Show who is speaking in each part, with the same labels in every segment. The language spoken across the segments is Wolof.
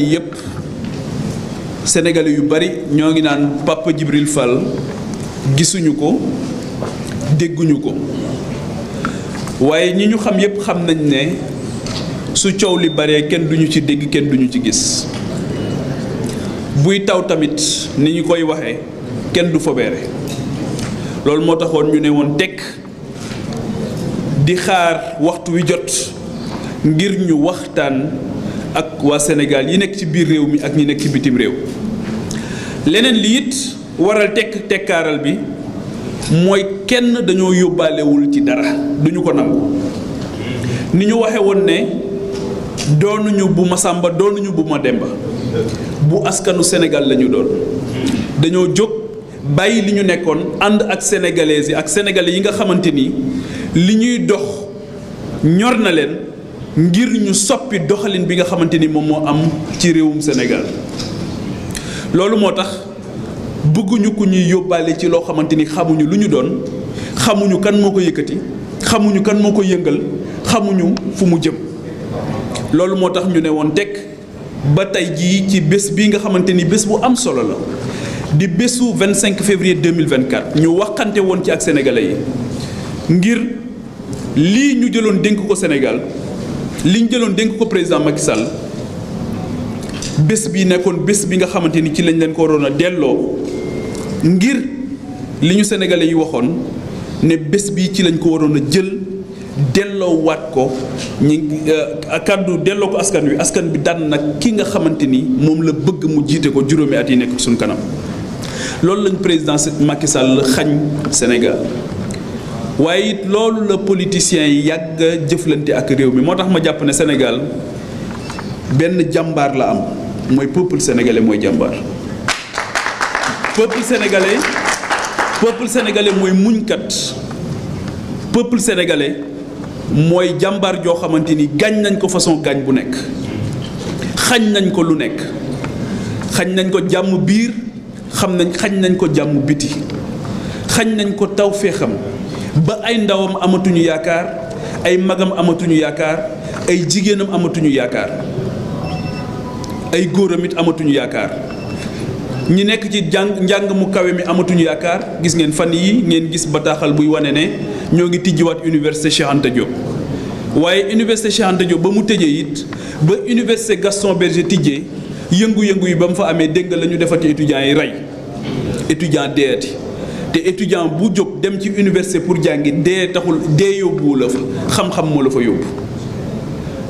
Speaker 1: yépp sénégalais yu bari ñoo ngi naan papa jibril fall gisuñu ko dégguñu ko waye ñi ñu xam yépp xam nañ ne su ciow li bare kenn duñu ci dégg kenn duñu ci gis buy taw tamit ni ñi koy waxé kenn du fobéré lool mo taxone ñu néwon tek di xaar waxtu wi jot ngir ñu waxtaan ak waa Sénégal yi nekk ci biir réew mi ak ñi nekk ci bitim réew leneen li it waral tekk tekkaaral bi mooy kenn dañoo yóbbaalewul ci dara duñu ko nangu ni ñu waxe woon ne doonuñu bu ma sàmba doonuñu bu ma demba bu askanu Sénégal lañu doon dañoo jóg bàyyi li ñu nekkoon ànd ak sénégalais yi ak sénégalais yi nga xamante ni li ñuy dox ñor na leen ngir ñu soppi doxalin bi nga xamante ni moom moo am ci réewum senegal loolu moo tax bëgguñu ko ñuy yóbbaale ci loo xamante ni xamuñu lu ñu doon xamuñu kan moo ko yëkkati xamuñu kan moo ko yëngal xamuñu fu mu jëm loolu moo tax ñu ne woon tekk ba tey jii ci bés bii nga xamante ni bés bu am solo la di bésu 25 février 2024 ñu waxante woon ci ak sénégalais yi ngir lii ñu jëloon dénk ko Sénégal li jëloon dénk ko président Macky Sall bés bi nekkoon bés bi nga xamante ni ci lañ leen ko waroon a delloo ngir li ñu sénégalais yi waxoon ne bés bi ci lañ ko waroon a jël delloo waat ko ñi euh, kandu delloo ko askan wi askan bi daan nag ki nga xamante ni moom la bëgg mu jiite ko juróomi at yi nekk suñu kanam loolu lañ président Macky Sall xañ Sénégal waaye it loolu la politiciens yi yàgg jëflante ak réew mi moo tax ma jàpp ne senegal benn jàmbaar la am mooy peuple sénégalais mooy jàmbaar peuple sénégalais peuple sénégalais mooy muñkat peuple sénégalais mooy jàmbaar joo xamante ni gaañ nañ ko façon gaañ bu nekk xañ nañ ko lu nekk xañ nañ ko jàmm biir xam nañ xañ nañ ko jàmm biti xañ nañ ko taw feexam ba ay ndawam amatuñu yaakaar ay magam amatuñu yaakaar ay jigéenam amatuñu yaakaar ay góoram it amatuñu yaakaar ñi nekk ci jàng njàng mu kawe mi amatuñu yaakaar gis ngeen fan yi ngeen gis bataaxal buy wane ne ñoo ngi tijjiwaat université Cheikh Anta waaye université Cheikh ba mu tëjee it ba université Gaston Berger tijjee yëngu-yëngu yi ba mu fa amee dégg la ñu defati étudiants yi rey étudiant deeti te étudiant bu jóg dem ci université pour jàngi dee taxul dee yóbbuwu la fa xam-xam moo la fa yóbbu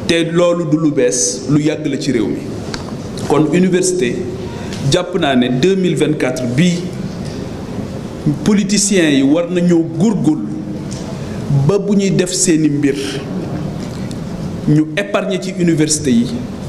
Speaker 1: te loolu du lu bees lu yàgg la ci réew mi kon université jàpp naa ne 2024 bii politiciens yi war nañoo góorgóorlu ba bu ñuy def seeni mbir ñu épargner ci université yi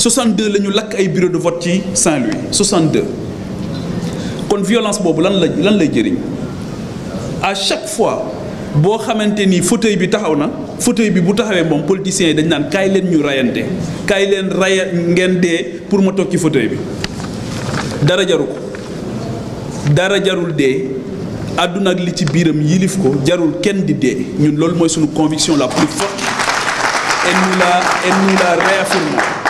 Speaker 1: 62 lañu lak ay bureau de vote ci Saint-Louis 62 kon violence bobu lan la lan lay jëriñ à chaque fois bo xamanteni fauteuil bi taxaw na fauteuil bi bu taxawé mom politiciens dañ nan kay leen ñu rayanté kay leen raya ngeen dé pour ma toog ci fauteuil bi dara jaru dara jarul dé aduna ak li ci biram yilif ko jarul kenn di dé ñun lool moy suñu conviction la plus forte et nous la et nous la réaffirmons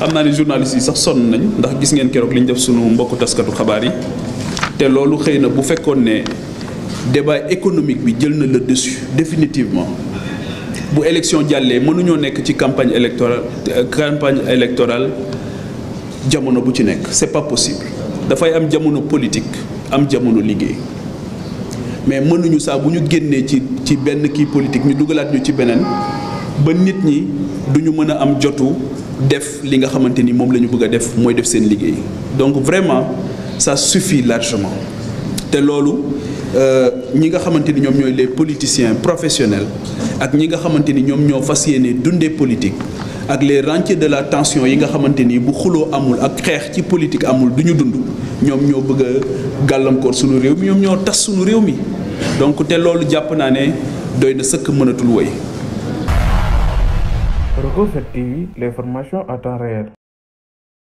Speaker 1: amna les journalistes yi sax son nañ ndax gis ngeen kérok liñ def suñu mbokku taskatu xabaar yi te loolu xëy bu fekkone né débat économique bi jël na le dessus définitivement bu élection jàllee mënuñoo nekk ci campagne électorale campagne électorale jamono bu ci nekk c'est pas possible fay am jamono politique am jamono liggéey mais mënuñu sa bu ñu génnee ci ci benn ki politique ñu dugulat ñu ci benen ba nit ñi duñu mëna am jotu def li nga xamante ni moom def def donc vraiment ça suffit largement te loolu euh, ñi nga les politiciens professionnels ak ñi nga xamante ni politique les rentiers de la tension yi nga amul ak xeex politique amul du ñu dund ñoom ñoo bëgg a gàllankoor sunu réew donc te Rogo cette TV, l'information à temps réel.